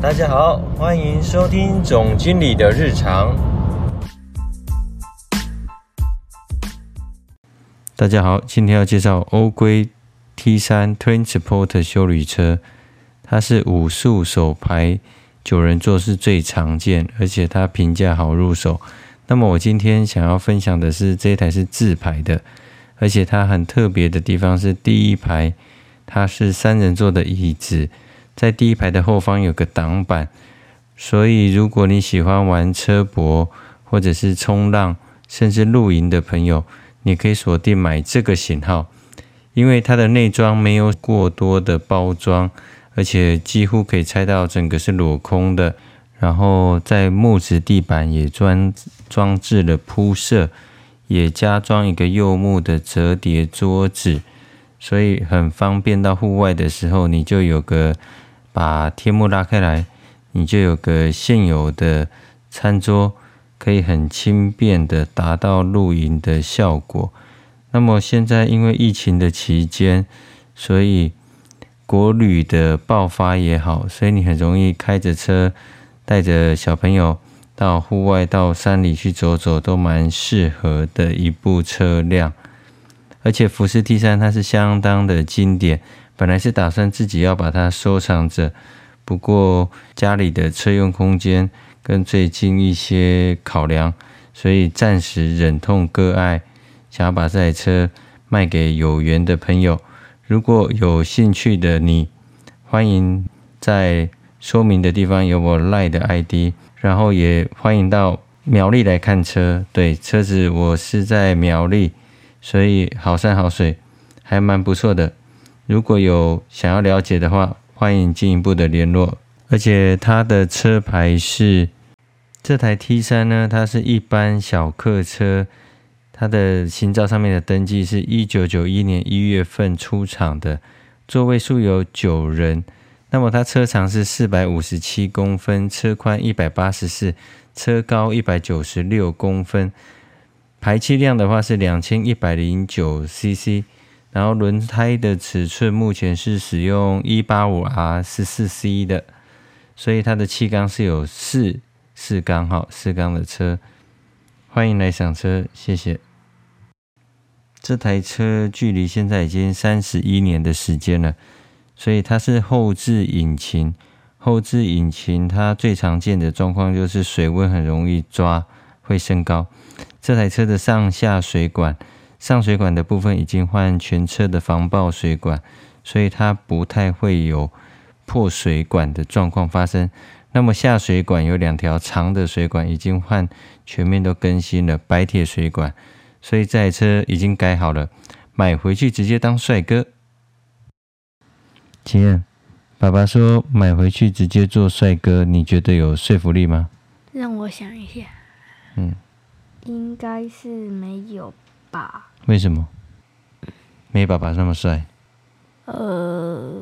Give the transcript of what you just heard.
大家好，歡迎收聽總經理的日常。大家好，今天要介紹歐規 T3 Transporter 休旅車，它是五速手排，九人座是最常見，而且它平價好入手。那麼我今天想要分享的是這台是自排的。而且它很特別的地方是第一排，它是三人座的椅子，在第一排的後方有個擋板，所以如果你喜歡玩車博或者是衝浪，甚至露營的朋友，你可以鎖定買這個型號，因為它的內裝沒有過多的包裝，而且幾乎可以拆到整個是裸空的，然後在木質地板也裝裝置了鋪設。也加裝一個柚木的摺疊桌子，所以很方便。到戶外的時候，你就有個把天幕拉開來，你就有個現有的餐桌，可以很輕便的達到露營的效果。那麼現在因為疫情的期間，所以國旅的爆發也好，所以你很容易開着車帶着小朋友。到戶外、到山裡去走走，都蠻適合的一部車輛。而且福斯 T3 它是相當的經典，本來是打算自己要把它收藏着，不過家裡的車用空間跟最近一些考量，所以暫時忍痛割愛，想要把這台車賣給有緣的朋友。如果有興趣的你，歡迎在。說明的地方有我 LINE 的 ID，然後也歡迎到苗栗來看車。對，車子我是在苗栗，所以好山好水，還蠻不錯的。如果有想要了解的話，歡迎進一步的聯絡。而且它的車牌是這台 T3 呢，它是一般小客車，它的行照上面的登記是一九九一年一月份出廠的，座位數有九人。那麼它車長是四百五十七公分，車寬一百八十四，車高一百九十六公分，排氣量的話是兩千一百零九 CC，然後輪胎的尺寸目前是使用一八五 R 十四 C 的，所以它的氣缸是有四四缸，哦，好四缸的車，歡迎來賞車，謝謝。這台車距離現在已經三十一年的時間了。所以它是後置引擎，後置引擎它最常見的狀況就是水溫很容易抓，會升高。這台車的上下水管，上水管的部分已經換全車的防爆水管，所以它不太會有破水管的狀況發生。那麼下水管有兩條長的水管已經換全面都更新了白鐵水管，所以這台車已經改好了，買回去直接當帥哥。啊，爸爸說買回去直接做帥哥，你覺得有說服力嗎？讓我想一下。嗯，應該是沒有吧。為什麼？沒爸爸那麼帥。呃。